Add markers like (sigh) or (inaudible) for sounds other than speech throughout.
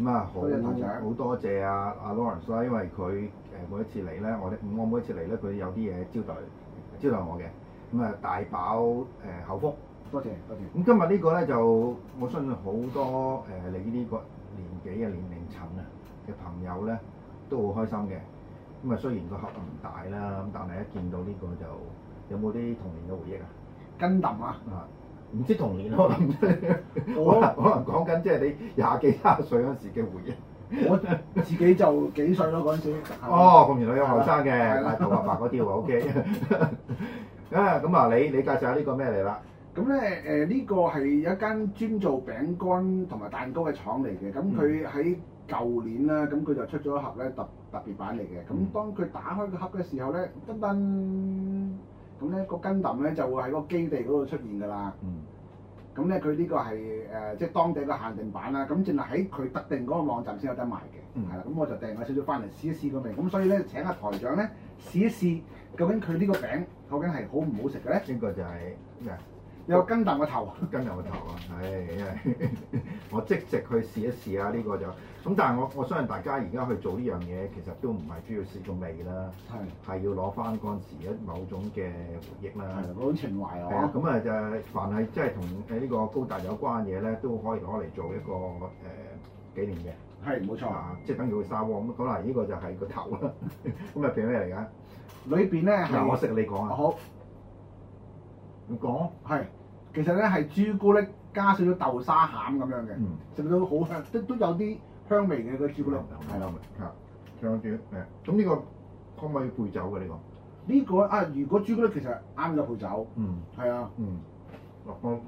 咁啊，好好以多謝啊，阿 Lawrence 啦，因為佢誒每一次嚟咧，我咧，我每一次嚟咧，佢有啲嘢招待招待我嘅。咁啊，大飽誒口福。多謝多謝。咁今日呢個咧就我相信好多誒你呢個年紀啊，年齡層啊嘅朋友咧都好開心嘅。咁啊，雖然個盒唔大啦，咁但係一見到呢個就有冇啲童年嘅回憶啊？Gundam 啊！嗯唔知童年咯我， (laughs) 我可能可能講緊即係你廿幾卅歲嗰陣時嘅回憶我。 (laughs) 我自己就幾歲咯嗰陣時。 (laughs) 哦，咁原來有後生嘅，大頭白嗰啲喎，OK。啊，咁啊，你你介紹下呢個咩嚟啦？咁咧誒呢個係有一間專做餅乾同埋蛋糕嘅廠嚟嘅，咁佢喺舊年咧，咁佢就出咗一盒咧特特別版嚟嘅，咁當佢打開個盒嘅時候咧，噔噔。咁咧個 Gundam 咧就會喺嗰個基地嗰度出現㗎啦。咁咧佢呢個係誒即係當地嘅限定版啦。咁淨係喺佢特定嗰個網站先有得賣嘅。係啦、嗯，咁我就訂咗少少翻嚟試一試個味。咁所以咧請阿、啊、台長咧試一試，究竟佢呢個餅究竟係好唔好食嘅咧？正或者，嘅。有根啖個頭啊！根啖個頭啊！唉，因為我即時去試一試下呢個就咁，但係我我相信大家而家去做呢樣嘢，其實都唔係主要試個味啦，係係要攞翻嗰陣時一某種嘅回憶啦，某種情懷哦。咁啊就凡係即係同誒呢個高達有關嘅嘢咧，都可以攞嚟做一個誒紀念嘅。係冇錯，即係等於個砂鍋咁。咁嗱，呢個就係個頭啦。咁啊，係咩嚟㗎？裏邊咧，嗱，我識你講啊。好。講係，其實咧係朱古力加少少豆沙餡咁樣嘅，嗯、食到好香，都都有啲香味嘅個朱古力。係啦，係咁呢個可唔可以配酒嘅呢個？呢、這個啊，如果朱古力其實啱得配酒，嗯，係啊，嗯，我、啊啊啊、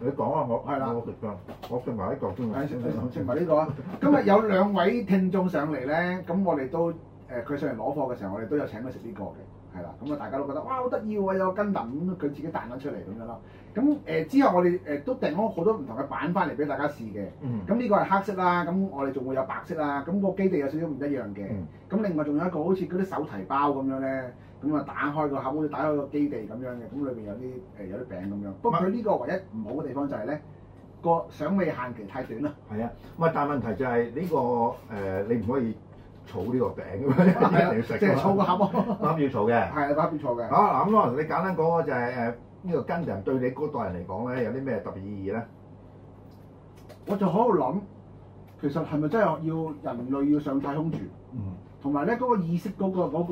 你講啊，我係啦、啊，我食嘅，我食埋呢個先。係、啊，食埋呢個、啊。 (laughs) 今日有兩位聽眾上嚟咧，咁我哋都誒佢、呃、上嚟攞貨嘅時候，我哋都有請佢食呢個嘅。係啦，咁啊大家都覺得哇好得意喎，有個筋腩咁佢自己彈咗出嚟咁樣咯。咁誒、嗯、之後我哋誒都訂咗好多唔同嘅版翻嚟俾大家試嘅。咁呢、嗯、個係黑色啦，咁我哋仲會有白色啦，咁個基地有少少唔一樣嘅。咁、嗯、另外仲有一個好似嗰啲手提包咁樣咧，咁啊打開個盒，好似打開個基地咁樣嘅，咁裏邊有啲誒有啲餅咁樣。不過佢呢個唯一唔好嘅地方就係咧，個賞味限期太短啦。係啊，唔係，但問題就係呢、呢個誒、呃、你唔可以。草呢個餅㗎嘛，一定、啊、要食即係草個盒咯。啱要草嘅。係啊，啱要草嘅。啊嗱咁可能你簡單講、就係、個就係誒呢個跟人對你嗰代人嚟講咧，有啲咩特別意義咧？我就喺度諗，其實係咪真係要人類要上太空住？嗯。同埋咧，嗰、嗰個意識嗰、嗰個嗰、嗰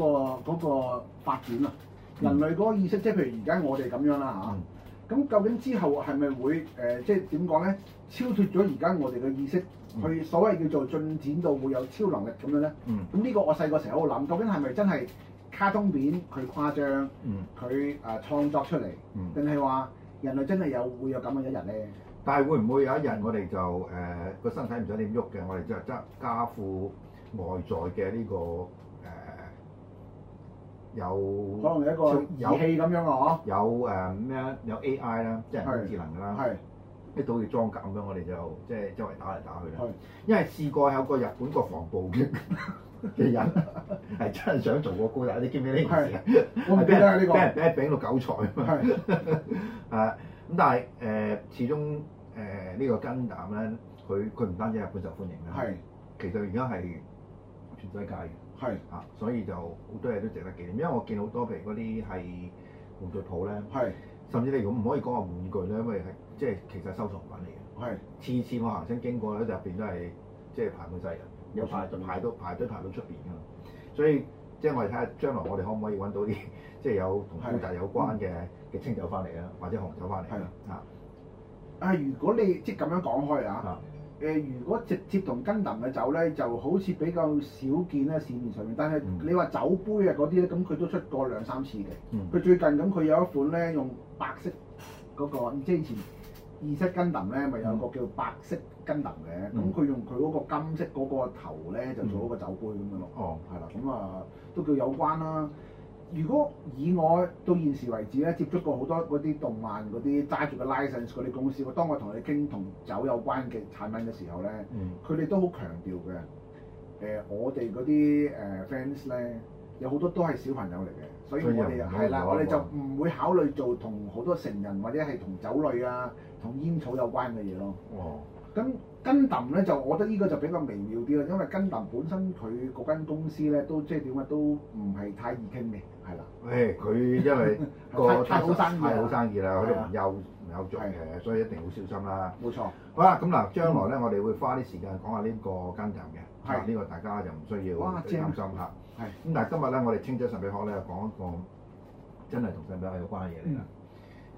個嗰個發展啊，嗯、人類嗰個意識，即係譬如而家我哋咁樣啦嚇。啊嗯咁究竟之後係咪會誒、呃、即係點講咧？超脱咗而家我哋嘅意識，嗯、去所謂叫做進展到會有超能力咁樣咧？咁呢、嗯、個我細個成日喺度諗，究竟係咪真係卡通片佢誇張，佢誒、嗯呃、創作出嚟，定係話人類真係有會有咁樣一日咧？但係會唔會有一日我哋就誒個、呃、身體唔想點喐嘅，我哋就則加負外在嘅呢、這個？有可能一個儀器咁樣嘅有誒咩、啊、有 AI 啦，即係人工智能㗎啦，一到要裝甲咁樣，我哋就即係、就是、周圍打嚟打去啦。是因為試過有個日本國防部嘅嘅人係 (laughs) 真係想做個高達，你記唔記得呢件事？我係記得呢個，俾人俾人柄到九彩啊嘛。係咁， (laughs) 是但係誒、呃，始終誒呢、呃這個根膽咧，佢佢唔單止日本受歡迎啦，係其實而家係全世界嘅。係啊，是所以就好多嘢都值得紀念，因為我見好多譬如嗰啲係玩具鋪咧，係是，甚至你如果唔可以講係玩具咧，因為係即係其實收藏品嚟嘅，係是。次次我行親經過咧，入邊都係即係排滿晒人，有排隊排到排都排到出邊㗎嘛。所以即係我哋睇下將來我哋可唔可以揾到啲即係有同古籍有關嘅嘅清酒翻嚟啦，是或者紅酒翻嚟啦啊。是是啊，如果你即係咁樣講開啊。誒、呃，如果直接同 Gundam 嘅酒咧，就好似比較少見啦，市面上面。但係你話酒杯啊嗰啲咧，咁佢、嗯、都出過兩三次嘅。佢、嗯、最近咁，佢有一款咧，用白色嗰、那個，即係以前 Z Gundam 咧，咪、嗯、有個叫白色 Gundam 嘅。咁佢、嗯、用佢嗰個金色嗰個頭咧，就做一個酒杯咁樣咯。嗯、哦，係啦，咁啊，都叫有關啦、啊。如果以我到現時為止咧，接觸過好多嗰啲動漫嗰啲揸住個 license 嗰啲公司，當我同你哋傾同酒有關嘅產品嘅時候咧，佢哋、嗯、都好強調嘅。誒、呃，我哋嗰啲誒 fans 咧，有好多都係小朋友嚟嘅，所以我哋係啦，我哋就唔會考慮做同好多成人或者係同酒類啊、同煙草有關嘅嘢咯。哦哇。咁 Gundam 咧就，我覺得呢個就比較微妙啲咯，因為 Gundam 本身佢嗰間公司咧，都即係點啊，都唔係太易傾嘅。係啦，誒佢因為個太好生意啦，佢唔休唔休做嘅，所以一定好小心啦。冇錯。好啦，咁嗱，將來咧，我哋會花啲時間講下呢個根植嘅，係呢個大家就唔需要擔心嚇。係。咁但係今日咧，我哋清酒神秘學咧講一個真係同神秘學有關嘅嘢嚟啦。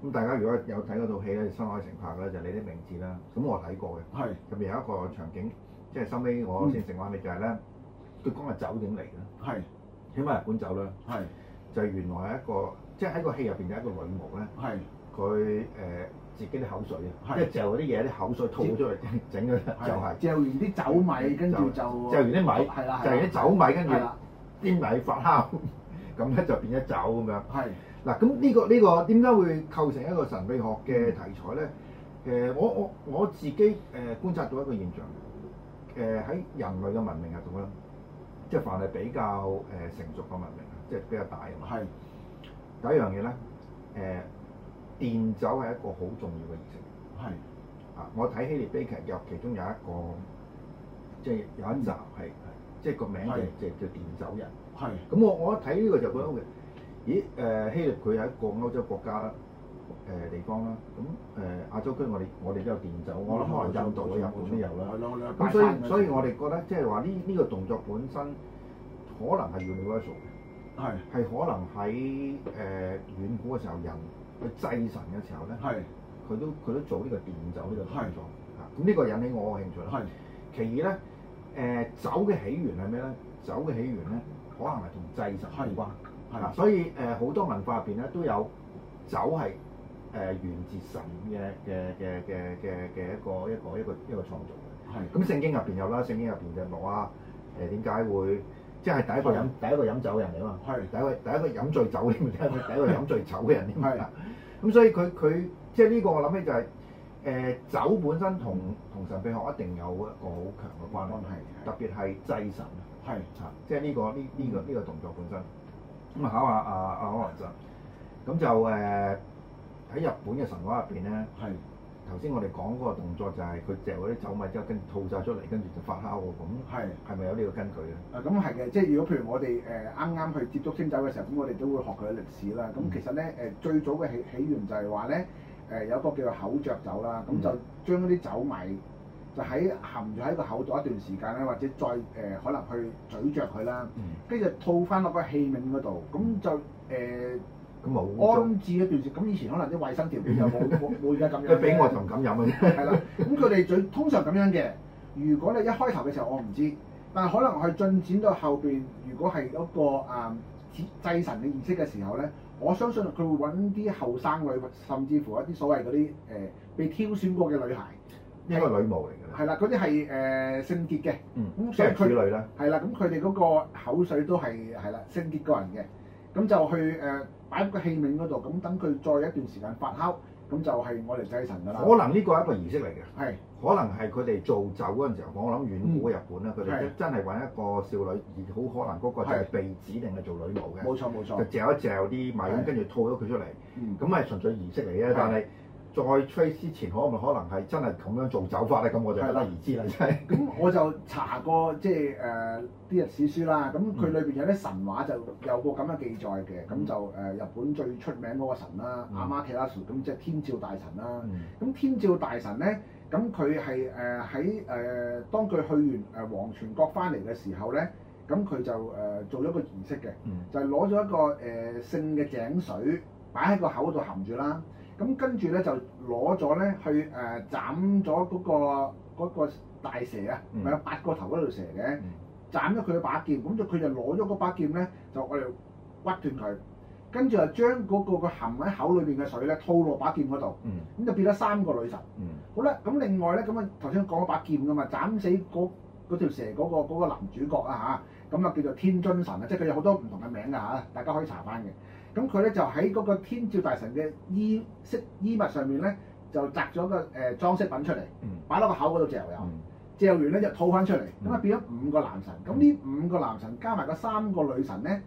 咁大家如果有睇嗰套戲咧，新海誠拍嘅咧就《你的名字》啦。咁我睇過嘅。係。咁有一個場景，即係收尾我先食完味就係咧，佢講係酒點嚟嘅？係。起碼係日本酒啦。係。就係原來係一個，即係喺個戲入邊有一個女巫咧。係是，佢誒、呃、自己啲口水啊，即係嚼啲嘢啲口水吐出嚟，整咗就係嚼完啲酒米，跟住就嚼完啲米，係啦，嚼完啲酒米，跟住啲的的米發酵，咁咧就變咗酒咁樣，係的，嗱、啊，咁呢、這個呢、這個點解會構成一個神秘學嘅題材咧？誒、呃、我我我自己誒、呃、觀察到一個現象，誒、呃，喺人類嘅文明入邊咧，即係凡係比較誒成熟嘅文明。即係比較大啊嘛！係第一樣嘢咧，誒奠酒係一個好重要嘅事情。係啊，我睇希臘悲劇有其中有一個，即係有一集係即係個名就就叫奠酒人。係咁我我一睇呢個就覺得，咦，誒希臘佢係一個歐洲國家誒地方啦，咁誒亞洲區我哋我哋都有奠酒，我諗可能印度同日本都有啦。咁所以所以我哋覺得即係話呢呢個動作本身可能係要你 w a t 係係可能喺誒遠古嘅時候人，人去祭神嘅時候咧，係佢都佢都做呢個奠酒呢個創作啊。咁呢是的 個引起我嘅興趣啦。係是的 其二咧，誒酒嘅起源係咩咧？酒嘅起源咧，可能係同祭神有關，係啦。所以誒好多文化入邊咧都有酒係誒源自神嘅嘅嘅嘅嘅嘅一個一個一個一個創造嘅。係，咁聖經入邊有啦，聖經入邊嘅摩亞誒點解會？即係第一個飲第一個飲酒嘅人嚟啊嘛，第一個第一個飲醉酒嘅，第一個第一個飲醉酒嘅人嚟啊，咁所以佢佢即係呢個我諗起就係誒酒本身同同神祕學一定有一個好強嘅關係，特別係祭神，即係呢個呢呢個呢個動作本身。咁啊考下阿阿阿黃澤，咁就誒喺日本嘅神話入邊咧。頭先我哋講嗰個動作就係佢嚼嗰啲酒米之後跟，跟住吐晒出嚟，跟住就發酵喎。咁係係咪有呢個根據咧？誒咁係嘅，即係如果譬如我哋誒啱啱去接觸清酒嘅時候，咁我哋都會學佢嘅歷史啦。咁、嗯、其實咧誒、呃、最早嘅起起源就係話咧誒有個叫做口嚼酒啦，咁就將啲酒米就喺含住喺個口度一段時間咧，或者再誒、呃、可能去咀嚼佢啦，跟住、嗯、就吐翻落個器皿嗰度，咁就誒。呃安置一段時，咁以前可能啲衞生條件又冇冇冇，而家咁樣。佢俾我仲敢飲啊！係啦，咁佢哋最通常咁樣嘅。如果你一開頭嘅時候我唔知，但係可能佢進展到後邊，如果係嗰個、呃、祭神嘅儀式嘅時候咧，我相信佢會揾啲後生女，甚至乎一啲所謂嗰啲誒被挑選過嘅女孩。係個女巫嚟㗎咧？係啦，嗰啲係誒聖潔嘅。嗯。咁、嗯、所以佢係啦，咁佢哋嗰個口水都係係啦聖潔個人嘅，咁就去誒。呃擺喺個器皿嗰度，咁等佢再一段時間發酵，咁就係我哋祭神㗎喇。可能呢個係一個儀式嚟嘅。係是，可能係佢哋造酒嗰陣時候，我諗遠古嘅日本咧，佢哋、嗯、真係搵一個少女，而好可能嗰個就係被指定係做女巫嘅。冇錯冇錯。就嚼一嚼啲米，是跟住吐咗佢出嚟，咁係、嗯、純粹儀式嚟嘅，是但係。再 trace 之前，可唔可能係真係咁樣做走法咧？咁我就不得而知啦，真係的。咁 (laughs) 我就查過即係誒啲歷史書啦。咁佢裏邊有啲神話就有個咁嘅記載嘅。咁、嗯、就誒、呃、日本最出名嗰個神啦，阿媽特拉斯，咁、啊、即係天照大神啦。咁、嗯、天照大神咧，咁佢係誒喺誒當佢去完誒黃泉國翻嚟嘅時候咧，咁佢就誒、呃、做咗個儀式嘅，就係攞咗一個誒聖嘅井水擺喺個口度含住啦。咁跟住咧就攞咗咧去誒斬咗嗰個大蛇啊，咪有八個頭嗰條蛇嘅，斬咗佢把劍，咁就佢就攞咗嗰把劍咧就我哋屈斷佢，跟住又將嗰個含喺口裏邊嘅水咧套落把劍嗰度，咁、mm. 就變咗三個女神。Mm. 好啦，咁另外咧咁啊頭先講咗把劍噶嘛，斬死嗰條蛇嗰個男主角啦吓，咁啊、啊、啊、啊叫做天津神、就是、啊，即係佢有好多唔同嘅名噶吓，大家可以查翻嘅。咁佢咧就喺嗰個天照大神嘅衣飾衣物上面咧，就摘咗個誒、呃、裝飾品出嚟，擺落個口嗰度嚼嘅。嚼、嗯、完咧就吐翻出嚟，咁啊、嗯、變咗五個男神。咁呢、嗯、五個男神加埋嗰三個女神咧，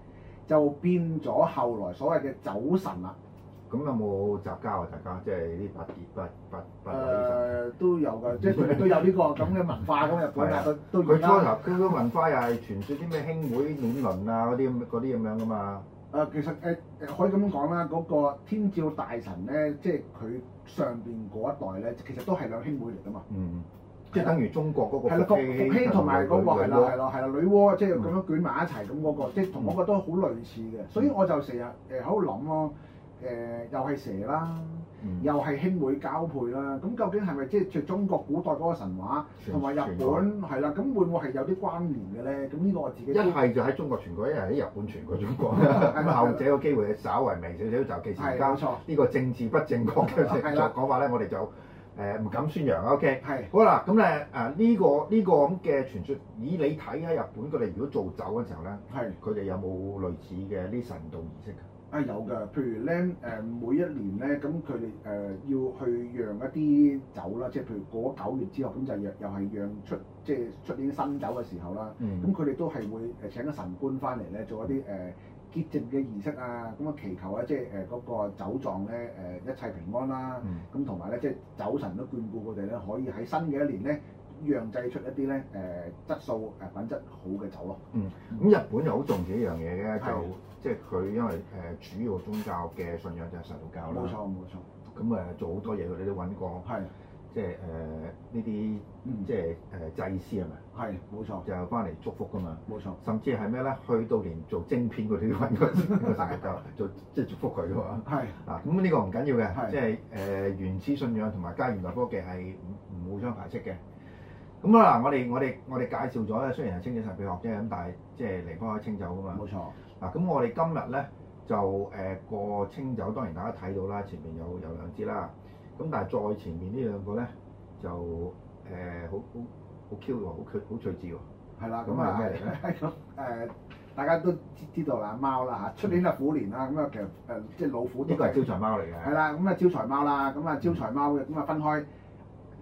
就變咗後來所謂嘅酒神啊。咁有冇雜交啊？大家即係呢八結不不不，不，不、呃，都有㗎， (laughs) 即係佢哋都有呢、呢個咁嘅文化咁日本都啊，佢佢初頭佢嘅文化又係傳説啲咩兄妹戀倫啊嗰啲嗰啲咁樣㗎嘛。誒、呃、其實誒誒、呃呃、可以咁樣講啦，嗰、那個天照大神咧，即係佢上邊嗰一代咧，其實都係兩兄妹嚟噶嘛，嗯、即係、啊、等於中國嗰個、那個。係啦窩，伏羲同埋嗰個係啦係啦係啦，女媧即係咁樣捲埋一齊咁嗰個，嗯、即係同嗰個都好類似嘅，所以我就成日誒喺度諗咯，誒、呃啊呃、又係蛇啦。又係兄妹交配啦，咁究竟係咪即係中國古代嗰個神話同埋日本係啦？咁會唔會係有啲關聯嘅咧？咁呢個我自己一係就喺中國傳過，一係喺日本傳過中國。咁後者個機會稍微微少少，就其實交呢個政治不正確嘅講法咧，我哋就誒唔敢宣揚。O K，係好啦，咁咧誒呢個呢個咁嘅傳説，以你睇喺日本，佢哋如果做酒嘅時候咧，佢哋有冇類似嘅啲神道儀式？啊有㗎，譬如咧誒每一年咧，咁佢哋誒要去釀一啲酒啦，即係譬如過咗九月之後，咁就釀又係釀出即係出啲新酒嘅時候啦。嗯。咁佢哋都係會誒請個神官翻嚟咧，做一啲誒潔淨嘅儀式啊，咁樣祈求啊，即係誒嗰個酒藏咧誒一切平安啦。嗯。咁同埋咧，即係酒神都眷顧佢哋咧，可以喺新嘅一年咧釀製出一啲咧誒質素誒品質好嘅酒咯。嗯。咁日本又好重呢樣嘢嘅就。即係佢，因為誒、呃、主要宗教嘅信仰就係神道教啦。冇錯，冇錯。咁誒、嗯、做好多嘢，佢哋都揾過，即係誒呢啲即係誒祭司係咪？係，冇錯。就返嚟祝福㗎嘛，冇錯。甚至係咩咧？去到連做晶片佢啲都揾個神道教做，即係祝福佢㗎嘛。係、呃、啊，咁呢個唔緊要嘅，即係誒原始信仰同埋加現代科技係唔互相排斥嘅。咁啊嗱，我哋我哋我哋介紹咗咧，雖然係清酒神秘學啫，咁但係即係離不開清酒㗎嘛。冇錯。嗱，咁、啊、我哋今日咧就誒個清酒，當然大家睇到啦，前面有有兩支啦。咁但係再前面呢兩個咧就誒好好好 Q 喎，好巧好趣致喎。係、啊、啦，咁啊咩嚟嘅咁誒，大家都知知道啦，貓啦嚇，出年啊虎年啦，咁啊、嗯、其實誒、呃、即係老虎。呢個係招財貓嚟嘅。係啦，咁啊招財貓啦，咁啊招財貓嘅，咁啊、嗯、分開。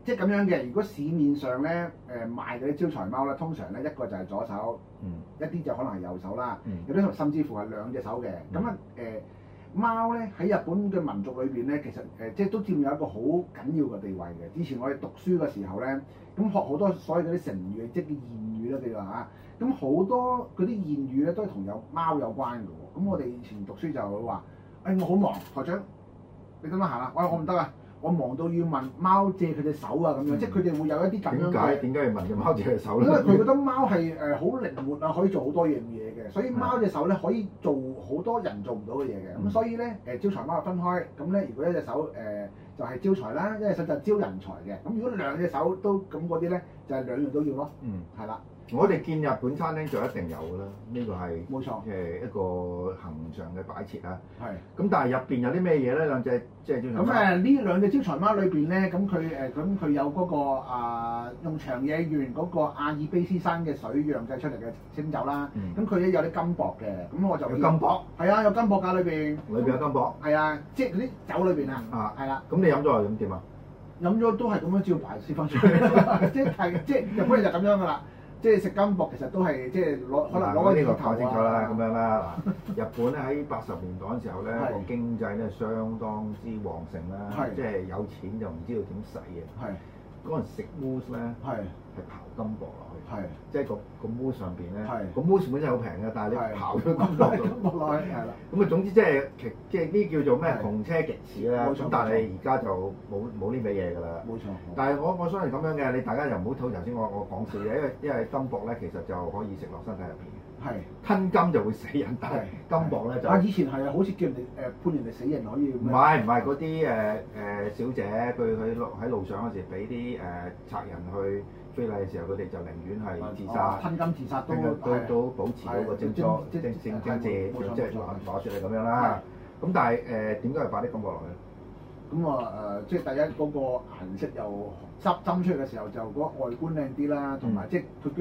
即係咁樣嘅，如果市面上咧誒、呃、賣嗰啲招財貓咧，通常咧一個就係左手，嗯、一啲就可能係右手啦，有啲、嗯、甚至乎係兩隻手嘅。咁啊誒貓咧喺日本嘅民族裏邊咧，其實誒即係都佔有一個好緊要嘅地位嘅。之前我哋讀書嘅時候咧，咁學好多所謂嗰啲成語，即係啲諺語啦，譬如話吓，咁好多嗰啲諺語咧都係同有貓有關嘅喎。咁我哋以前讀書就會話，誒、哎、我好忙，學長你點樣、哎、行啊？喂我唔得啊！我忙到要問貓借佢隻手啊咁樣，嗯、即係佢哋會有一啲咁樣嘅。點解？點解要問隻貓借隻手咧？因為佢覺得貓係誒好靈活啊，可以做好多樣嘢嘅，所以貓隻手咧可以做好多人做唔到嘅嘢嘅。咁、嗯、所以咧誒招財貓係分開，咁咧如果一隻手誒、呃、就係、是、招財啦，一隻手就招人才嘅。咁如果兩隻手都咁嗰啲咧，就係、是、兩樣都要咯。嗯，係啦。我哋見日本餐廳就一定有啦，呢、這個係即係一個恆常嘅擺設啊。冇錯。咁但係入邊有啲咩嘢咧？兩隻即係招財咁誒，呢兩隻招財貓裏邊咧，咁佢誒咁佢有嗰、那個啊、呃，用長野縣嗰個亞爾卑斯山嘅水釀製出嚟嘅清酒啦。咁佢咧有啲金箔嘅，咁我就金箔。係啊，有金箔喺裏邊。裏邊有金箔。係啊，即係嗰啲酒裏邊啊。啊。係啦。咁你飲咗又點點啊？飲咗都係咁樣照排泄翻出嚟，即係即係日本人就咁樣噶啦。 (laughs) (laughs) 即係食金箔，其實都係即係攞，的可能攞個頭清楚啊！咁樣啦，嗱， (laughs) 日本咧喺八十年代嘅時候咧，個 (laughs) 經濟咧相當之旺盛啦，的即係有錢就唔知道點使嘅。係嗰陣食 mos 咧，係係刨金箔。係，即係個個摩上邊咧，個摩原本真係好平嘅，但係你刨咗金箔咁耐，係啦。咁啊，總之即係其即係呢叫做咩紅車極此啦。咁但係而家就冇冇呢啲嘢㗎啦。冇錯。但係我我相信咁樣嘅，你大家又唔好吐槽先。我我講笑嘅，因為因為金箔咧其實就可以食落身體入邊嘅。係。吞金就會死人，但係金箔咧就啊以前係啊，好似叫人哋誒判人哋死人可以。唔係唔係嗰啲誒誒小姐，佢佢路喺路上嗰時俾啲誒賊人去，飛利嘅時候，佢哋就寧願係自殺，吞金自殺都都都保持到個正裝，即係正正正正嘅，即係做眼花出嚟咁樣啦。咁但係誒點解係擺啲金過落去？咁啊誒，即係第一嗰個顏色又執針出嚟嘅時候，就嗰外觀靚啲啦，同埋即係佢嘅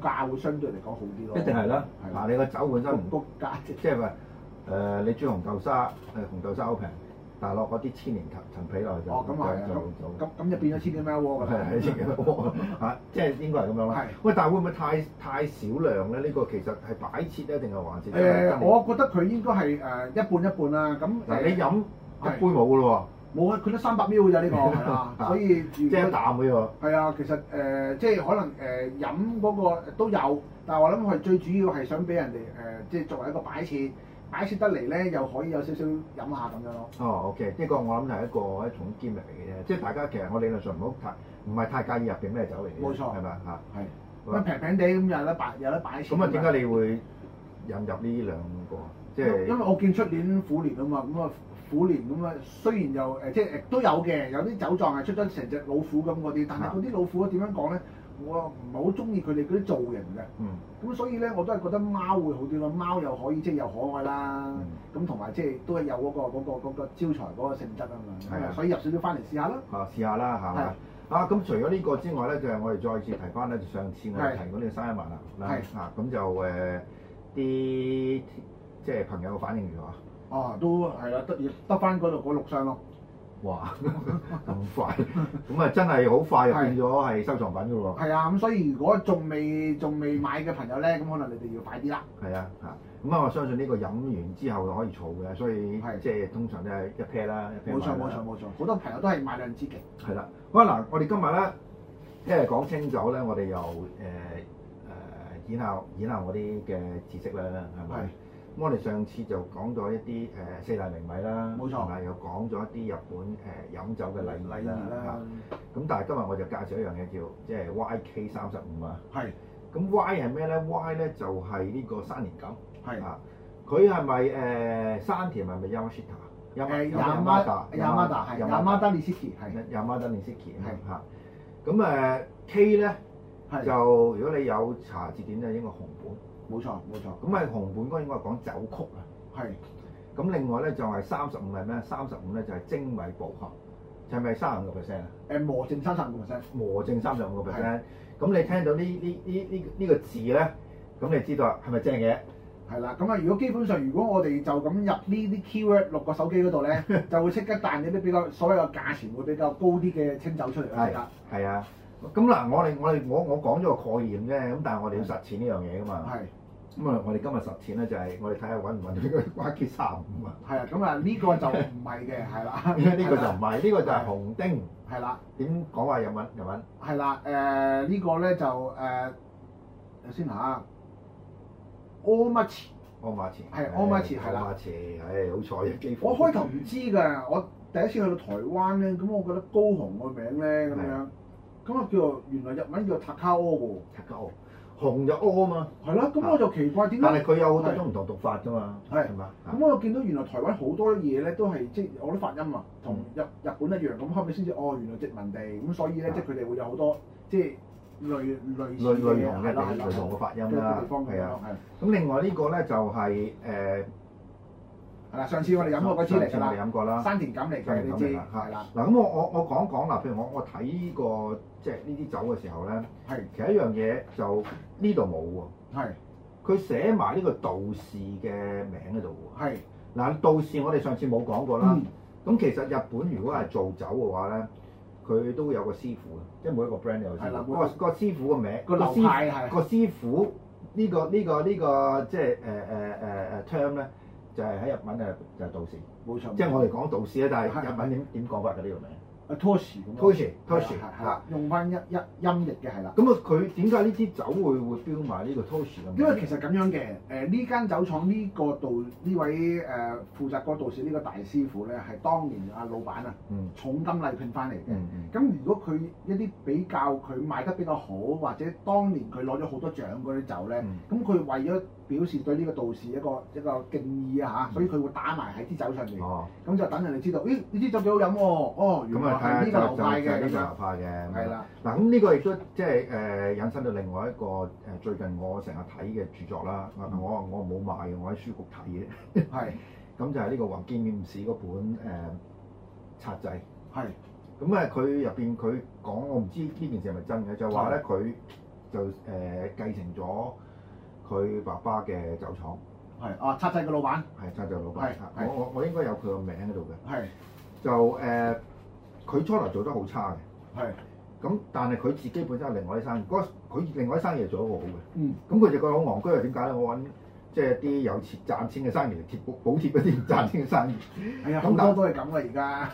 叫價會相對嚟講好啲咯。一定係啦，嗱你個酒本身唔谷價，即係話誒你煮紅豆沙，誒紅豆沙好平。大落嗰啲千年陳陳皮落去，哦、就咁做咁就變咗千幾蚊一窩㗎，係千幾蚊一窩嚇，即係應該係咁樣啦。喂是，但會唔會太太少量咧？呢、呢個其實係擺設咧，定係還是、欸？我覺得佢應該係誒、呃、一半一半啦、啊。咁、嗯、你飲一杯冇㗎喎，冇啊，佢都三百 ml 㗎咋呢個，係啊， (laughs) 所以即係一啖嘅喎。係啊，其實誒、呃，即係可能誒、呃、飲嗰個都有，但係我諗佢最主要係想俾人哋誒、呃，即係作為一個擺設。擺設得嚟咧，又可以有少少飲下咁樣咯。哦，oh，OK，呢個我諗係一個一種兼嚟嘅啫。即係大家其實我理論上唔好太唔係太介意入邊咩酒嚟嘅。冇錯，係咪啊？嚇，係，係平平地咁有得擺有得擺錢。咁啊？點解你會引入呢兩個？即係因為我見出年虎年啊嘛，咁啊虎年咁啊，雖然又誒即係都有嘅，有啲酒莊係出咗成隻老虎咁嗰啲，但係嗰啲老虎點樣講咧？我唔係好中意佢哋嗰啲造型嘅，咁、嗯、所以咧我都係覺得貓會好啲咯。貓又可以即係又可愛啦，咁同埋即係都係有嗰、嗰個嗰、嗰個嗰個嗰個嗰個、招財嗰個性質啊嘛。係啊，所以入少少翻嚟試下啦。啊，試下啦嚇！啊，咁、啊啊、除咗呢個之外咧，就係、係、我哋再次提翻咧上次我哋提嗰啲三一萬啦。係啊，咁、啊、就誒啲、呃、即係朋友嘅反應如何啊？啊，都係啦、啊，得得翻嗰度嗰六箱咯。哇，咁 (laughs) 快，咁啊 (laughs) 真係好快又變咗係收藏品噶喎。係啊，咁、嗯、所以如果仲未仲未買嘅朋友咧，咁可能你哋要快啲啦。係啊，嚇、啊，咁、嗯、啊我相信呢個飲完之後就可以儲嘅，所以、啊、即係通常都係一 pair 啦，一 pair 買啦。冇錯冇錯冇錯，好多朋友都係買兩支嘅。係啦、啊，好啊嗱，我哋今日咧，一係講清酒咧，我哋又誒誒演下演下我啲嘅知識啦，係咪？我哋上次就講咗一啲誒四大名米啦，冇錯又講咗一啲日本誒飲酒嘅禮禮儀啦嚇。咁但係今日我就介紹一樣嘢叫即係 YK 三十五啊。係。咁 Y 係咩咧？Y 咧就係呢個三年酒。係。啊，佢係咪誒山田係咪 Yamashita？誒，Yamada，Yamada，Yamada Nishiki，Yamada Nishiki 啊嚇。咁誒 K 咧就如果你有查字典咧，應該紅本。冇錯冇錯，咁啊紅本該應該講酒曲啊，係是，咁另外咧就係三十五係咩？三十五咧就係精米步合，就係咪三十五個 percent 啊？誒磨淨三十五個 percent，磨淨三十五個 percent。咁是你聽到呢呢呢呢呢個字咧，咁你知道係咪正嘅？係啦，咁啊如果基本上如果我哋就咁入呢啲 keyword 六個手機嗰度咧， (laughs) 就會即刻彈啲比較所謂嘅價錢會比較高啲嘅清酒出嚟啦，係咪啊？的的咁嗱，我哋我哋我我講咗個概念啫，咁但係我哋要實踐呢樣嘢噶嘛。係。咁啊，我哋今日實踐咧就係我哋睇下揾唔揾到啲 YK35 啊。係啊，咁啊呢個就唔係嘅，係啦。呢個就唔係，呢個就係紅丁。係啦。點講話日文，日文？係啦，誒呢個咧就誒，先嚇。安馬前。安馬前。係安馬前係啦。安馬前，唉，好彩嘅。我開頭唔知㗎，我第一次去到台灣咧，咁我覺得高雄個名咧咁樣。咁啊，叫做原來日文叫做塔卡鵝喎，塔鵝，紅就鵝、是、啊、哦、嘛。係啦，咁我就奇怪點解，但係佢有好多種唔同讀法㗎嘛，係嘛是？咁是我又見到原來台灣好多嘢咧都係即係我啲發音啊，同日日本一樣。咁後尾先至哦，原來殖民地咁，所以咧是即係佢哋會有好多即係類類，類類似嘅嘅，嘢係啦。咁另外呢個咧就係、是、誒。呃係上次我哋飲過嗰支嚟啦，山田錦嚟嘅，你知。係啦，嗱咁我我我講講啦，譬如我我睇呢個即係呢啲酒嘅時候咧，其實一樣嘢就呢度冇喎。佢寫埋呢個道士嘅名喺度喎。嗱，道士我哋上次冇講過啦。咁其實日本如果係做酒嘅話咧，佢都有個師傅嘅，即係每一個 brand 都有個個師傅個名，個師傅個師傅呢個呢個呢個即係誒誒誒誒 term 咧。就係喺日文嘅就係道士，冇錯。即係我哋講道士啊，但係日文點點講法嘅呢個名啊，toshi 咁 t o s h i t 用翻一一音譯嘅係啦。咁啊，佢點解呢支酒會會標埋呢個 toshi 咁？因為其實咁樣嘅，誒、呃、呢間酒廠呢個導呢位誒、呃、負責個道士呢個大師傅咧，係當年阿老闆啊，嗯、重金禮聘翻嚟嘅。咁、嗯嗯、如果佢一啲比較佢賣得比較好，或者當年佢攞咗好多獎嗰啲酒咧，咁佢為咗表示對呢個道士一個一個敬意啊吓，所以佢會打埋喺啲酒上邊，咁、嗯、就等人哋知道，咦，呢啲酒幾好飲喎，哦，原來係呢個流派嘅，呢個流派嘅、嗯，係啦，嗱咁呢個亦都即係誒引申到另外一個誒最近我成日睇嘅著作啦、啊，我我冇買嘅，我喺書局睇嘅，係 (laughs) 是，咁 (laughs) 就係呢個《雲間巖史》嗰本誒冊製，係是，咁啊佢入邊佢講，我唔知呢件事係咪真嘅，就話咧佢就誒繼承咗。呃呃呃呃佢爸爸嘅酒廠，係啊，七仔嘅老闆，係七仔老闆，我我我應該有佢個名喺度嘅，係就誒，佢初來做得好差嘅，係咁，但係佢自己本身係另外一生意，嗰佢另外一生意係做得好好嘅，嗯，咁佢就覺得好戇居啊，點解咧？我揾即係啲有錢賺錢嘅生意嚟貼補補貼嗰啲唔賺錢嘅生意，係啊，好多都係咁啊。而家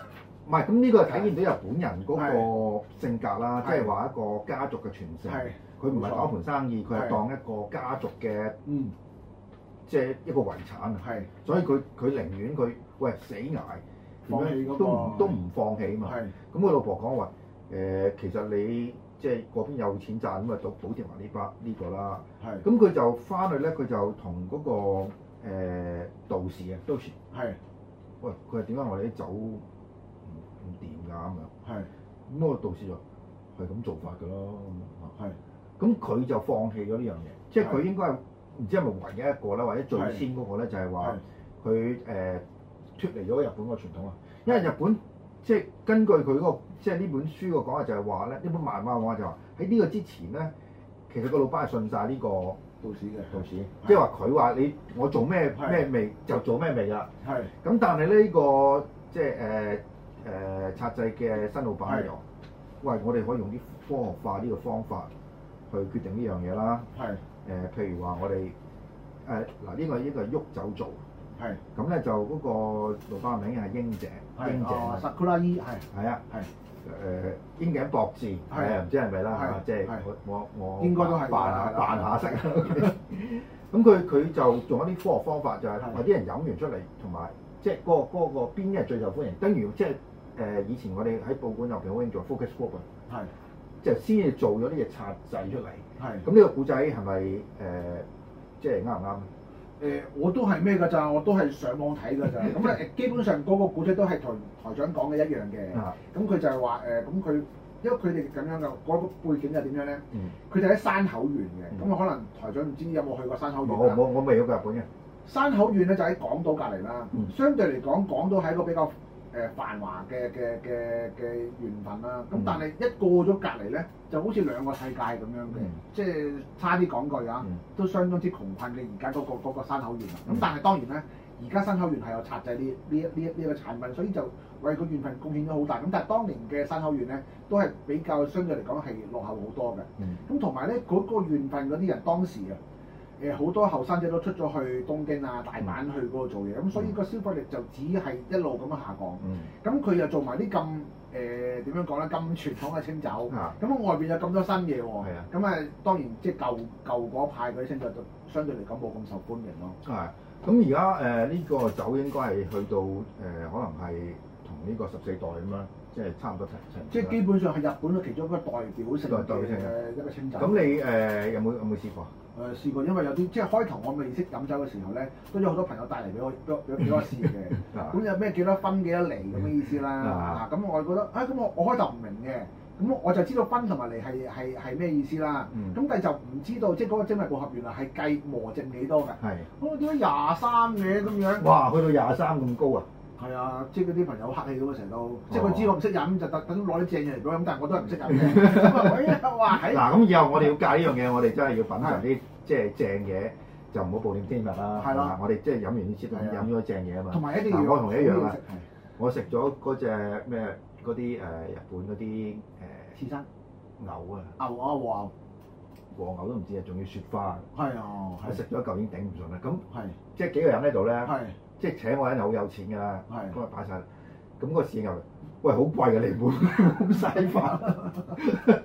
唔係咁，呢個係體現到日本人嗰個性格啦，即係話一個家族嘅傳承。佢唔係打一盤生意，佢係當一個家族嘅，即係一個遺產啊。所以佢佢寧願佢喂死捱，點樣都都唔放棄啊嘛。咁佢老婆講話誒，其實你即係嗰邊有錢賺，咁啊補補貼埋呢筆呢個啦。咁佢就翻去咧，佢就同嗰個誒道士啊，道士，喂，佢話點解我哋啲酒唔掂㗎咁啊？咁個道士就係咁做法嘅咯。咁佢就放棄咗呢樣嘢，是的 即係佢應該係唔知係咪唯一一個啦，或者最先嗰個咧，就係話佢誒脫離咗日本個傳統啊。是的 因為日本即係根據佢嗰個即係呢本書個講法就係話咧，呢本漫畫話就話喺呢個之前咧，其實個老闆係信晒呢、這個道士嘅道士，即係話佢話你我做咩咩味就做咩味啦。係咁的，但係呢、這個即係誒誒策製嘅新老闆嚟講，喂、嗯，我哋可以用啲科學化呢個方法，方法。去決定呢樣嘢啦。係。誒，譬如話我哋誒嗱呢個呢個係喐手做。係。咁咧就嗰個老闆名係英姐。英姐，Sakurai 係。啊。係。誒，英姐博士係啊，唔知係咪啦？係嘛，即係我我我。應該都係。扮下扮下式。咁佢佢就仲有一啲科學方法，就係話啲人飲完出嚟，同埋即係嗰個嗰個邊啲係最受歡迎。等如即係誒以前我哋喺報館入邊我哋做 focus group。係。就先係做咗啲嘢拆製出嚟，係咁呢個古仔係咪誒即係啱唔啱？誒我都係咩㗎咋？我都係上網睇㗎咋。咁咧 (laughs) 基本上嗰個故仔都係同台長講嘅一樣嘅。咁佢的就係話誒，咁、呃、佢因為佢哋咁樣嘅嗰、那個、背景係點樣咧？佢、嗯、就喺山口縣嘅。咁啊、嗯，可能台長唔知有冇去過山口縣？我我未去過日本嘅。山口縣咧就喺廣島隔籬啦。嗯、相對嚟講，廣島係一個比較。誒繁華嘅嘅嘅嘅縣份啦，咁、嗯、但係一過咗隔籬咧，就好似兩個世界咁樣嘅，即係、嗯、差啲講句啊，嗯、都相當之窮困嘅、那個。而家嗰個山口縣啊，咁、嗯、但係當然咧，而家山口縣係有獺祭呢呢一呢呢一個產品，所以就為個縣份貢獻咗好大。咁但係當年嘅山口縣咧，都係比較相對嚟講係落後好多嘅。咁同埋咧，嗰、那個縣份嗰啲人當時啊～誒好多後生仔都出咗去東京啊、大阪去嗰度做嘢，咁、嗯、所以個消費力就只係一路咁樣下降。咁佢、嗯、又做埋啲咁誒點樣講咧？咁傳統嘅清酒，咁、嗯、外邊有咁多新嘢喎。咁啊當然即係舊舊嗰派嗰啲清酒，相對嚟講冇咁受歡迎咯。係、啊，咁而家誒呢個酒應該係去到誒、呃、可能係。呢個十四代咁啦，即係差唔多齊齊。即係基本上係日本嘅其中一個代表性嘅一個清酒。咁你誒、呃、有冇有冇試過？誒、呃、試過，因為有啲即係開頭我未識飲酒嘅時候咧，都有好多朋友帶嚟俾我俾俾我，我試嘅。咁 (laughs) 有咩幾多分幾多厘咁嘅意思啦？啊咁 (laughs) 我覺得啊咁、哎、我我開頭唔明嘅，咁我就知道分同埋厘係係係咩意思啦。咁、嗯、但係就唔知道即係嗰個精米步合原來係計磨剩幾多嘅。係。 (laughs) 我點解廿三嘅咁樣？哇！去到廿三咁高啊！ (laughs) (laughs) 係啊，即係嗰啲朋友客氣到啊，成日都，即係佢知我唔識飲，就特登攞啲正嘢嚟俾我飲，但係我都係唔識飲嘅。佢又話喺。嗱，咁以後我哋要戒呢樣嘢，我哋真係要揾翻啲即係正嘢，就唔好暴殄天物啦。係啦，我哋即係飲完先飲飲咗正嘢啊嘛。同埋一定要。嗱，我同你一樣啦，我食咗嗰隻咩？嗰啲誒日本嗰啲誒。刺身。牛啊。牛啊，和牛。和牛都唔知啊，仲要雪花。係啊。我食咗一嚿已經頂唔順啦，咁即係幾個人喺度咧？係。即係請我一陣好有錢㗎啦，嗰個擺曬啦，咁嗰個市牛喂好貴嘅，你唔好曬飯，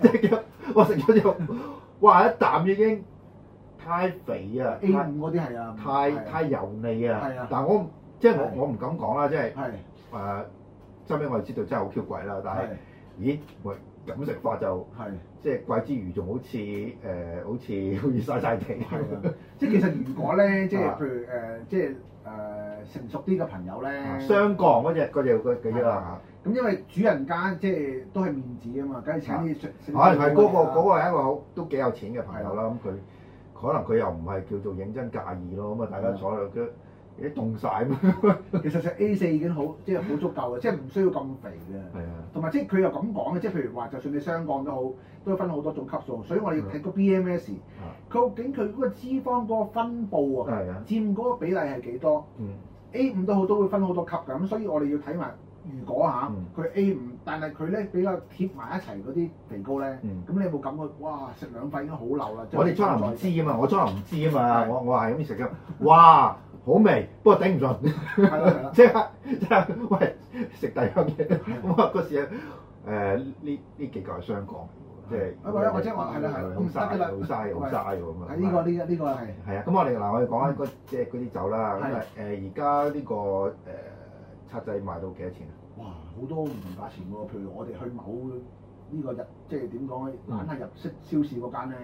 即係我食咗之後，哇，一啖已經太肥啊！A 五啲，係啊，太太油膩啊，但係我即係我我唔敢講啦，即係誒，後屘我哋知道真係好 Q 貴啦，但係咦，喂飲食法就即係貴之餘仲好似誒好似好似晒晒地，即係其實如果咧，即係譬如誒即係。誒、呃、成熟啲嘅朋友咧，雙槓嗰隻，嗰隻嗰幾啦嚇。咁、啊啊、因為主人家即係都係面子啊嘛，梗係請啲熟。唔係嗰個嗰、啊啊嗰個係一、嗰個好都幾有錢嘅朋友啦。咁佢的、嗯、可能佢又唔係叫做認真介意咯。咁啊，大家坐喺度。你凍曬咁， (laughs) 其實食 A 四已經好，即係好足夠嘅，即係唔需要咁肥嘅。係啊的，同埋即係佢又咁講嘅，即係譬如話，就算你雙降都好，都分好多種級數，所以我哋要睇個 BMS。究竟佢嗰個脂肪嗰個分布啊，係啊，佔嗰個比例係幾多的？A 五都好都會分好多級㗎，咁所以我哋要睇埋。如果吓，佢 A 五，但係佢咧比較貼埋一齊嗰啲肥膏咧，咁的你有冇感覺？哇！食兩塊已經好流啦。我哋初頭唔知啊嘛，我初頭唔知啊嘛，我我係咁食嘅。哇！ (laughs) (laughs) 好味，不過頂唔順，即刻即係喂食第二樣嘢。哇！嗰時誒呢呢幾個係雙槓嚟㗎喎，即係係啦係啦，好嘥好嘥好嘥咁啊！係呢個呢個呢個係係啊！咁我哋嗱，我哋講緊嗰啲酒啦。咁啊而家呢個誒七仔賣到幾多錢啊？哇！好多唔同價錢喎。譬如我哋去某。Auto 呢個入即係點講咧？揾下入式超市嗰間咧，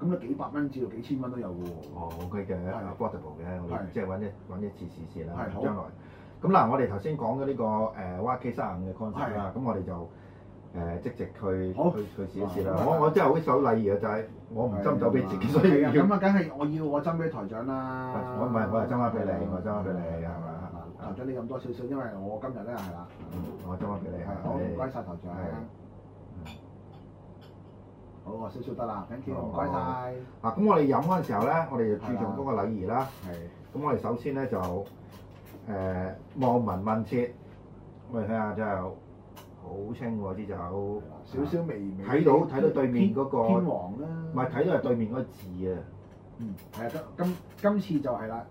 咁都幾百蚊至到幾千蚊都有嘅喎。哦，OK 嘅，係啊，affordable 嘅，即係揾一揾一次試試啦。係好。將來，咁嗱，我哋頭先講咗呢個誒 YK 三十五嘅 concept 啦，咁我哋就誒積極去去去試一試啦。我我即係好守禮儀就係我唔斟酒俾自己，咁啊，梗係我要我斟俾台長啦。我唔係，我係斟翻俾你，我斟翻俾你啊，係咪啊？台長你咁多少少，因為我今日咧係啦，我斟翻俾你。我唔該晒，台長。好，少少得啦，thank you，唔該曬。嗱，咁我哋飲嗰陣時候咧，我哋就注重嗰個禮儀啦。係。咁我哋首先咧就誒望聞問切，我哋睇下真係好清喎啲酒，少少微微。睇到睇到對面嗰個天天皇啦。唔係，睇到係對面嗰個字啊。嗯，係啊，今今今次就係啦，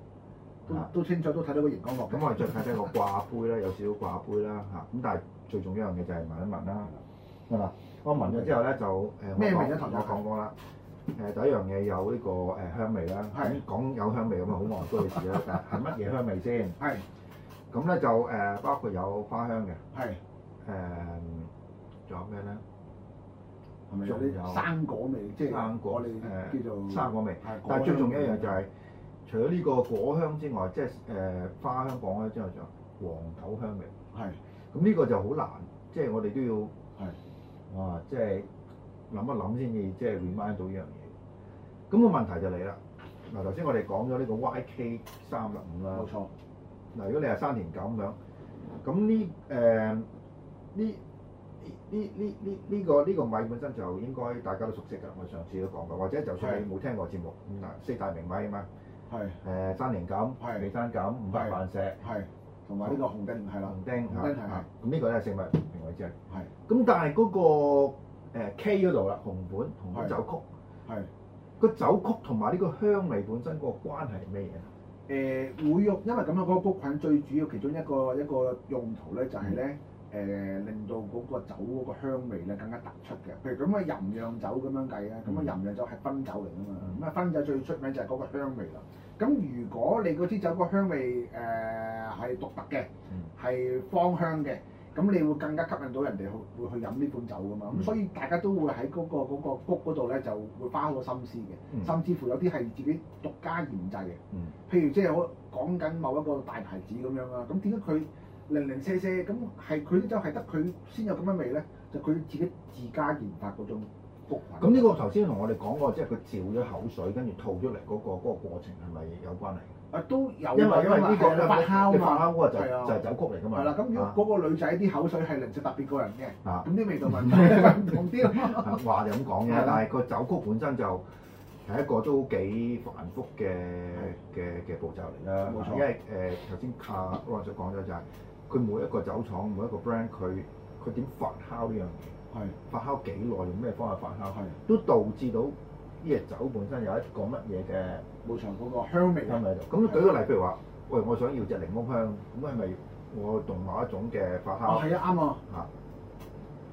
都都清楚，都睇到個熒光幕。咁我哋再睇睇個掛杯啦，有少少掛杯啦嚇。咁但係最重要樣嘅就係聞一聞啦。嗱，我聞咗之後咧就誒，我講咩聞咗同我講過啦。誒第一樣嘢有呢個誒香味啦，講有香味咁啊，好難多嘅事啦，係咪乜嘢香味先？係，咁咧就誒包括有花香嘅，係，誒仲有咩咧？仲有生果味，即係我哋叫做生果味。但係最重要一樣就係除咗呢個果香之外，即係誒花香講開之後，仲有黃豆香味。係，咁呢個就好難，即係我哋都要係。啊，即係諗一諗先至，即係 remind 到呢樣嘢。咁個問題就嚟啦。嗱，頭先我哋講咗呢個 YK 三粒五啦。冇錯。嗱，如果你係山田錦咁樣，咁呢誒呢呢呢呢呢個呢個米本身就應該大家都熟悉噶。我上次都講過，或者就算你冇聽過節目，嗱是，四大名米啊嘛。係是。呃、山田錦、美是山錦、五百萬石。係。同埋呢個紅釘，係啦，紅釘，紅釘係係。咁呢個咧係植物，唔同位置。係。咁但係嗰個誒 K 嗰度啦，熊本，熊本酒曲。係。個酒曲同埋呢個香味本身個關係係咩嘢啊？誒會用，因為咁樣嗰個麴菌最主要其中一個一個用途咧，就係咧誒令到嗰個酒嗰個香味咧更加突出嘅。譬如咁嘅吟釀酒咁樣計啦，咁嘅吟釀酒係薰酒嚟㗎嘛，咁啊薰酒最出名就係嗰個香味啦。咁如果你嗰支酒個香味誒係、呃、獨特嘅，係芳、嗯、香嘅，咁你會更加吸引到人哋去會去飲呢款酒噶嘛。咁、嗯、所以大家都會喺嗰、嗰個谷嗰度咧就會花好多心思嘅，嗯、甚至乎有啲係自己獨家研製嘅。嗯、譬如即係我講緊某一個大牌子咁樣啦，咁點解佢零零車車咁係佢就酒係得佢先有咁樣味咧？就佢自己自家研發嗰種。咁呢個頭先同我哋講過，即係佢嚼咗口水，跟住吐出嚟嗰個嗰個過程係咪有關嚟？啊，都有，因為因為呢個發酵嘛，發酵就就係酒曲嚟㗎嘛。係啦，咁如果嗰個女仔啲口水係嚟自特別個人嘅，咁啲味道咪唔同啲咯。話就咁講啫，但係個酒曲本身就係一個都幾繁複嘅嘅嘅步驟嚟啦。冇錯，因為誒頭先啊，我話就講咗就係佢每一個酒廠每一個 brand 佢佢點發酵呢樣嘢。係是發酵幾耐，用咩方法發酵？係是都導致到呢隻酒本身有一個乜嘢嘅，冇錯，嗰個香味喺度。咁舉個例，譬、啊、如話，喂，我想要隻檸檬香，咁係咪我動某一種嘅發酵？哦、嗯，係、嗯、啊，啱啊。嚇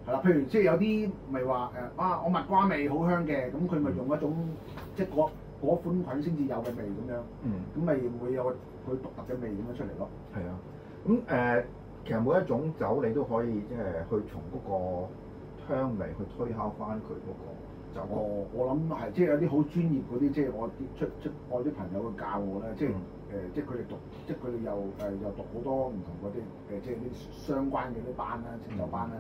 係啦，譬如即係有啲咪話誒，哇！我蜜瓜味好香嘅，咁佢咪用一種即係嗰嗰款菌先至有嘅味咁樣。嗯。咁咪會有佢獨特嘅味咁樣出嚟咯。係啊，咁誒，其實每一種酒你都可以即係、呃呃、去從嗰個。將嚟去推敲翻佢嗰個酒，嗯、我諗係即係有啲好專業嗰啲，即係我啲出出我啲朋友去教我咧，即係誒、嗯呃，即係佢哋讀，即係佢哋又誒、呃、又讀好多唔同嗰啲誒，即係啲相關嘅啲班啦、清、嗯、酒班啦，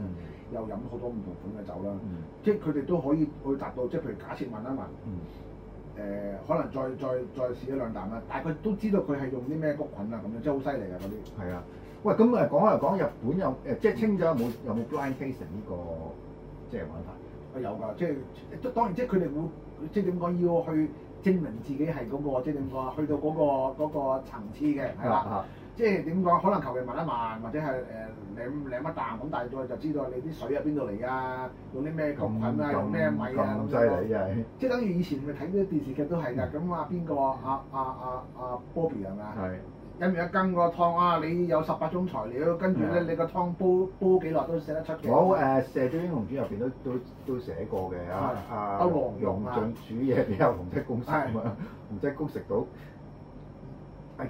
又飲好多唔同款嘅酒啦，即係佢哋都可以去達到，即係譬如假設問一問誒，可、呃、能再再再試一兩啖啦，但係佢都知道佢係用啲咩麴菌啊咁樣，即係好犀利啊嗰啲，係啊喂喂、哎呃，喂，咁誒講開又講日本有誒，即係清酒有冇有冇 blind tasting 呢個？即係我睇，我有㗎，即係都當然即係佢哋會即係點講，要去證明自己係咁個，即係點講去到嗰個嗰個層次嘅，係啦，即係點講？可能求其聞一聞，或者係誒舐舐一啖咁，但係就就知道你啲水喺邊度嚟啊？用啲咩菌啊？用咩米啊？咁犀利真係即係等於以前咪睇啲電視劇都係㗎，咁啊邊個啊啊啊啊 Bobby 係咪啊？係。咁住一羹個湯啊！你有十八種材料，跟住咧、嗯、你個湯煲煲幾耐都寫得出嘅。好誒、呃，《射雕英雄傳》入邊都都都寫過嘅啊啊！阿黃蓉煮嘢，你有洪七公食啊嘛，洪七公食到。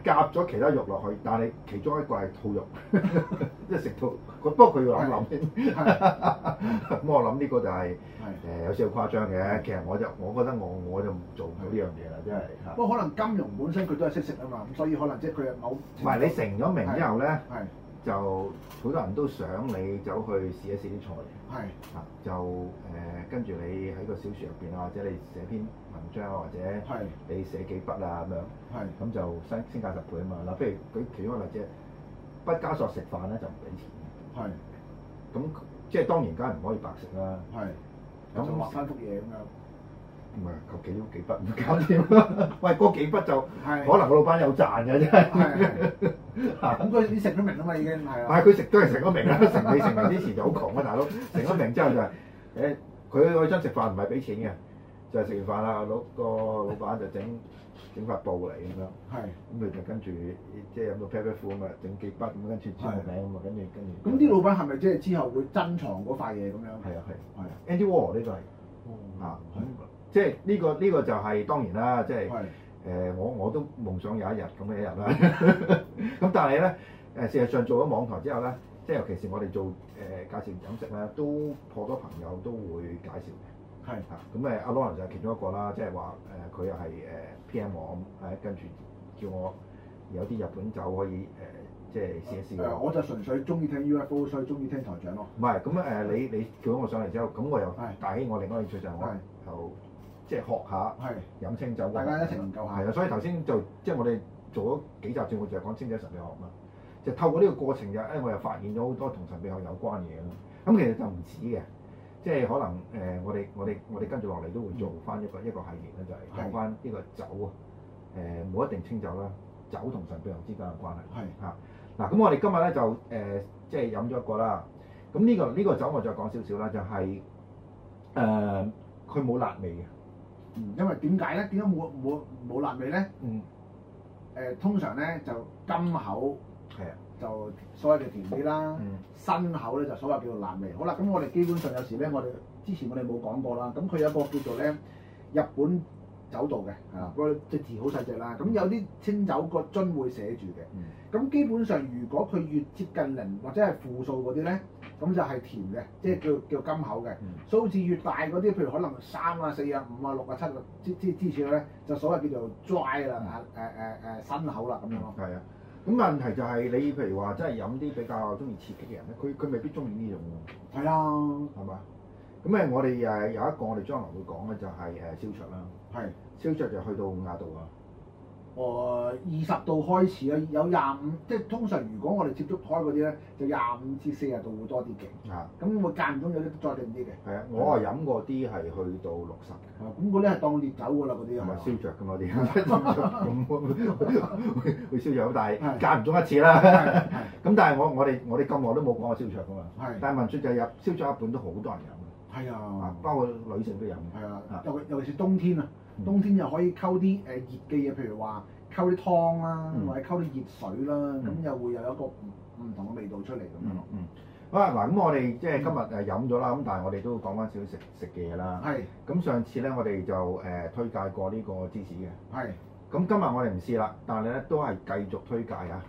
夾咗其他肉落去，但係其中一個係兔肉，即係食兔。 (laughs) 不過佢要諗諗，咁我諗呢個就係、係、誒、 (laughs) 呃、有少少誇張嘅。其實我就我覺得我我就做唔到呢樣嘢啦，即係。不過可能金融本身佢都係識食啊嘛，咁所以可能即係佢又冇。唔係你成咗名之後咧？ (laughs) 就好多人都想你走去試一試啲菜，係是啊，就誒、呃、跟住你喺個小説入邊啊，或者你寫篇文章啊，或者你寫幾筆啊咁樣，係咁是就升升價十倍嘛啊嘛嗱，譬如舉其，其中一個例子，畢加索食飯咧就唔俾錢，係咁是即係當然梗係唔可以白食啦，係咁是那畫翻幅嘢咁樣。唔係求幾多幾筆唔搞掂喂，嗰幾筆就可能個老闆有賺嘅啫。咁佢食咗名啊嘛，已經係啊。唔係佢食都係食咗名啦，成未成名之前就好窮啊，大佬！成咗名之後就係誒，佢去張食飯唔係俾錢嘅，就係食完飯啊，老個老闆就整整塊布嚟咁樣。係。咁佢就跟住即係飲到啤啤褲咁啊，整幾筆咁跟住簽個名咁啊，跟住跟住。咁啲老闆係咪即係之後會珍藏嗰塊嘢咁樣？係啊係係。Andy Warhol 呢個係。哦。係。即係、這、呢個呢、這個就係、是、當然啦，即係誒我我都夢想有一日咁嘅一日啦。咁、 (laughs) 嗯、但係咧誒，事實上，上做咗網台之後咧，即係尤其是我哋做誒、呃、介紹飲食咧，都好多朋友都會介紹嘅。係的啊，咁誒阿 Laurence 就係其中一個啦，即係話誒佢又係誒 PM 網，係、啊、跟住叫我有啲日本酒可以誒，即、呃、係試一試我、呃。我就純粹中意聽 UFO，所以中意聽台長咯。唔係咁誒，你、啊、你叫咗我上嚟之後，咁我又大喜，我另外、啊、一個興趣我就。即係學下飲清酒，大家一齊研究下。係啊，所以頭先就即係我哋做咗幾集節目，就係講清酒神秘學嘛。就透過呢個過程，又誒我又發現咗好多同神秘學有關嘢咯。咁其實就唔止嘅，即係可能誒我哋我哋我哋跟住落嚟都會做翻一個一個系列咧，就係講翻呢個酒啊誒冇一定清酒啦，酒同神秘學之間嘅關係。係吓嗱，咁我哋今日咧就誒即係飲咗一個啦。咁呢個呢個酒我再講少少啦，就係誒佢冇辣味嘅。嗯、因為點解咧？點解冇冇冇辣味咧？嗯。誒、呃，通常咧就甘口，係啊的、嗯，就所謂嘅甜啲啦。嗯。辛口咧就所謂叫做辣味。好啦，咁我哋基本上有時咧，我哋之前我哋冇講過啦。咁佢有個叫做咧日本酒度嘅，啊的，個字好細隻啦。咁有啲清酒個樽會寫住嘅。咁、嗯、基本上，如果佢越接近零或者係負數嗰啲咧，咁、嗯、就係甜嘅，即、就、係、是、叫叫甘口嘅。數字越大嗰啲，譬如可能三啊、四啊、五啊、六啊、七啊，之之之處咧，就所謂叫做 dry 啦，誒誒誒辛口啦咁樣咯。係啊，咁問題就係你譬如話，真係飲啲比較中意刺激嘅人咧，佢佢未必中意呢種喎。係啊，係嘛？咁誒，我哋誒有一個我哋將來會講嘅就係誒燒酎啦。係，燒酎就去到五廿度啊。誒二十度開始啦，有廿五，即係通常如果我哋接觸開嗰啲咧，就廿五至四十度會多啲嘅。啊！咁會間唔中有啲再勁啲嘅。係啊，我係飲過啲係去到六十。咁嗰啲係當烈酒㗎啦，嗰啲。唔係燒着㗎嘛啲。咁會燒着好大，間唔中一次啦。咁但係我我哋我哋咁耐都冇講過燒着㗎嘛。係。但係文書就入燒着，日本都好多人飲。係啊。包括女性都飲。係啊。尤尤其是冬天啊。嗯、冬天又可以溝啲誒熱嘅嘢，譬如話溝啲湯啦，嗯、或者溝啲熱水啦，咁、嗯、又會有一個唔唔同嘅味道出嚟咁樣咯。嗯，好啦嗱，咁我哋即係今日誒飲咗啦，咁、嗯、但係我哋都講翻少少食食嘅嘢啦。係。咁是上次咧，我哋就誒、呃、推介過呢個芝士嘅。係是。咁今日我哋唔試啦，但係咧都係繼續推介啊！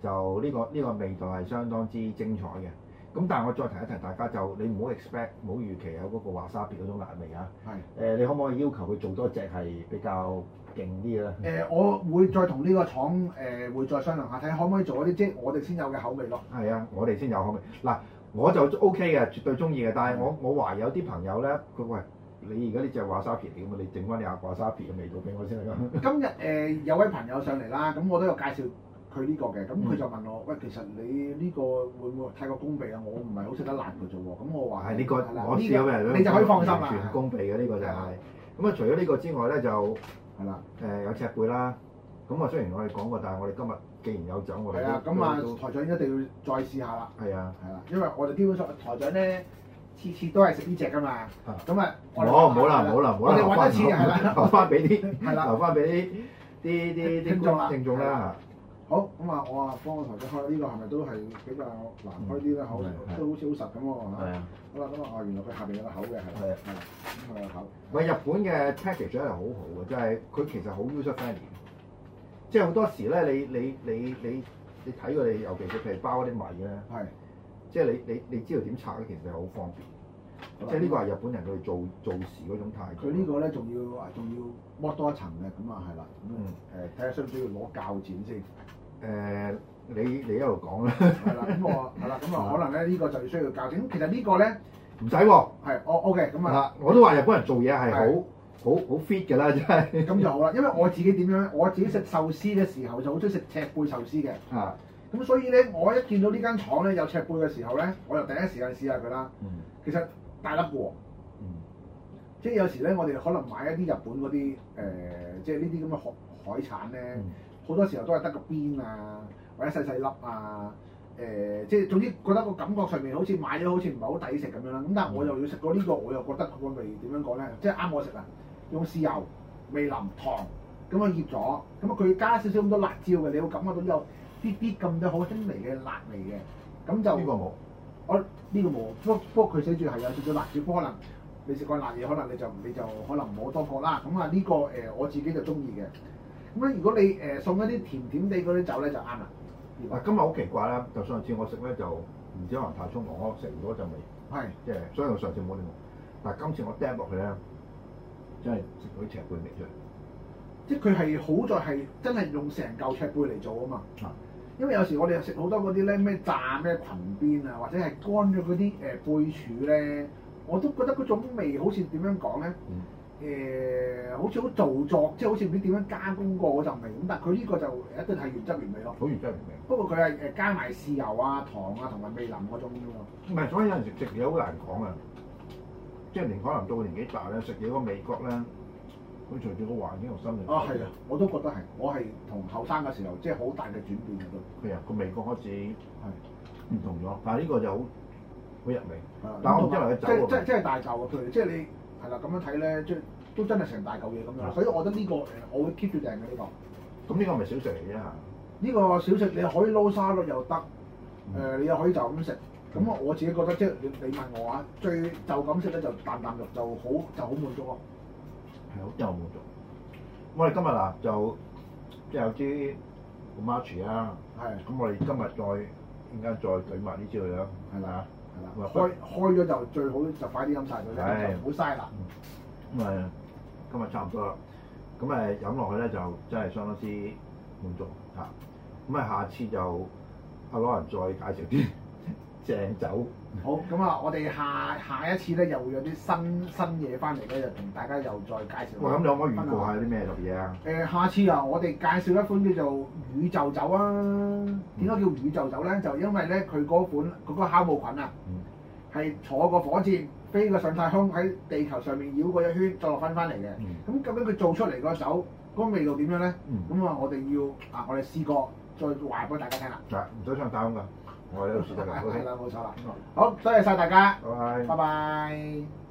就呢、呢個呢、呢個味道係相當之精彩嘅。咁但係我再提一提，大家就你唔好 expect，唔好預期有嗰個華沙皮嗰種辣味啊。係的。誒、呃，你可唔可以要求佢做多隻係比較勁啲嘅咧？誒、呃，我會再同呢個廠誒、呃，會再商量下睇下可唔可以做一啲即係我哋先有嘅口味咯。係啊，我哋先有口味。嗱，我就 OK 嘅，絕對中意嘅。但係我的我懷疑有啲朋友咧，佢喂你而家呢隻華沙皮嚟㗎嘛，你整翻你阿華沙皮嘅味道俾我先。今日誒、呃、有位朋友上嚟啦，咁我都有介紹。佢呢個嘅，咁佢就問我，喂，其實你呢個會唔會太過功備啊？我唔係好食得辣佢啫喎，咁我話係呢個我試咁樣，你就可以放心啦，全功備嘅呢個就係。咁啊，除咗呢個之外咧，就係啦，誒有赤貝啦。咁啊，雖然我哋講過，但係我哋今日既然有獎喎，係啊，咁啊，台長一定要再試下啦。係啊，係啦，因為我哋基本上台長咧，次次都係食呢隻㗎嘛。嚇！咁啊，唔好啦唔好啦唔好啦，你揾一次係啦，留翻俾啲，留翻俾啲，啲啲啲聽眾啦，聽眾啦。好咁啊！我啊幫個台主開，呢個係咪都係比較難開啲咧？口都好似好實咁喎嚇。好啦，咁啊，是的 原來佢下邊有個口嘅，係啊，係啊口。喂，日本嘅 package 係好好嘅，即係佢其實好 user friendly。即係好多時咧，你你你你你睇佢，尤其是譬如包嗰啲米咧，即係是的 你你你知道點拆咧，其實係好方便。即係呢個係日本人去做做事嗰種態度。佢呢個咧仲要啊，仲要剝多一層嘅，咁啊係啦，咁誒睇下需唔需要攞鉸剪先？誒、呃，你你一路講啦，係啦， (laughs) 咁我係啦，咁啊可能咧呢、呢個就要需要鉸剪。其實個呢個咧唔使喎，係哦，OK 咁啊，我都話日本人做嘢係好好好 fit 嘅啦，真係。咁就好啦，因為我自己點樣咧？我自己食壽司嘅時候就好中意食赤貝壽司嘅，咁、啊、所以咧我一見到呢間廠咧有赤貝嘅時候咧，我就第一時間試下佢啦。其實、嗯。大粒嘅喎，嗯、即係有時咧，我哋可能買一啲日本嗰啲誒，即係呢啲咁嘅海海產咧，好、嗯、多時候都係得個邊啊，或者細細粒啊，誒、呃，即係總之覺得個感覺上面好似買咗好似唔係好抵食咁樣啦。咁但係我又要食過呢個，我又覺得個味點樣講咧，即係啱我食啊！用豉油、味淋、糖咁樣醃咗，咁啊佢加少少咁多辣椒嘅，你會感覺到有啲啲咁多好輕微嘅辣味嘅，咁就呢個冇。我呢、哦、個冇，不不過佢寫住係有少少辣，如果可能 lly，你食過辣嘢，power，可能你就你、啊、就可能唔好多覺啦。咁啊，呢個誒我自己就中意嘅。咁咧，如果你誒送一啲甜甜哋嗰啲酒咧就啱啦。嗱、這個，今日好奇怪啦，就上次我食咧就唔知可能太衝我食唔到就味，係即係所以我上次冇你冇。但係今次我嗒落去咧，真係食到啲赤貝味出嚟。即係佢係好在係真係用成嚿赤貝嚟做啊嘛。arak 因為有時我哋又食好多嗰啲咧咩炸咩裙邊啊，或者係乾咗嗰啲誒貝柱咧，我都覺得嗰種味好似點樣講咧？誒、嗯呃，好似好造作，即係好似唔知點樣加工過嗰陣味咁。但係佢呢個就一定係原汁原味咯。好原汁原味。不過佢係誒加埋豉油啊、糖啊同埋味淋嗰種㗎喎。唔係，所以有陣時食嘢好難講啊！即係你可能到年紀大咧，食嘢嗰味覺咧。佢隨住個環境同心理，啊係啊，我都覺得係。我係同後生嘅時候，即係好大嘅轉變佢咯。係啊，個味覺開始係唔同咗。但係呢個就好好入味。但係我因為佢真真真係大嚿啊！佢即係你係啦，咁樣睇咧，即係都真係成大嚿嘢咁樣。所以我覺得呢個我會 keep 住訂嘅呢個。咁呢個咪小食嚟啊？呢個小食你可以撈沙律又得，誒你又可以就咁食。咁我自己覺得即係你問我啊，最就咁食咧就啖啖肉就好就好滿足咯。係好真係滿足。我哋今日嗱就即係有啲嘅 match 啊，係咁是我哋今日再陣間再舉埋呢支嘢咧？係咪啊？係啦吧吧。開開咗就最好就快啲飲曬佢，唔好嘥啦。咁啊、嗯，今日差唔多啦。咁誒飲落去咧就真係相當之滿足嚇。咁啊，下次就啊 Laurence 再介紹啲清酒。好，咁啊，我哋下下一次咧又會有啲新新嘢翻嚟咧，就同大家又再介紹。喂、嗯，咁有冇預告下啲咩嘢嘢啊？誒，下次就我哋介紹一款叫做宇宙酒啊。點解、嗯、叫宇宙酒咧？就因為咧佢嗰款嗰、嗰個酵母菌啊，係、嗯、坐個火箭飛個上太空，喺地球上面繞過一圈再落翻翻嚟嘅。咁、嗯、究竟佢做出嚟個酒嗰個味道點樣咧？咁、嗯、啊，我哋要啊，我哋試過再話俾大家聽啦。唔使上太空㗎。我啦，好冇、 (noise) (noise) 啊、錯啦， (noise) 好，多謝晒大家，拜拜。